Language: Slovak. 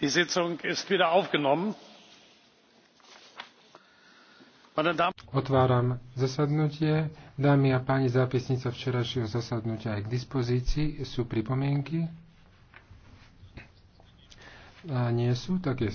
die sitzung ist wieder aufgenommen. Otváram zasadnutie. Dámy a páni, zápisnica včerajšieho zasadnutia je k dispozícii. Sú pripomienky? A nie sú, tak je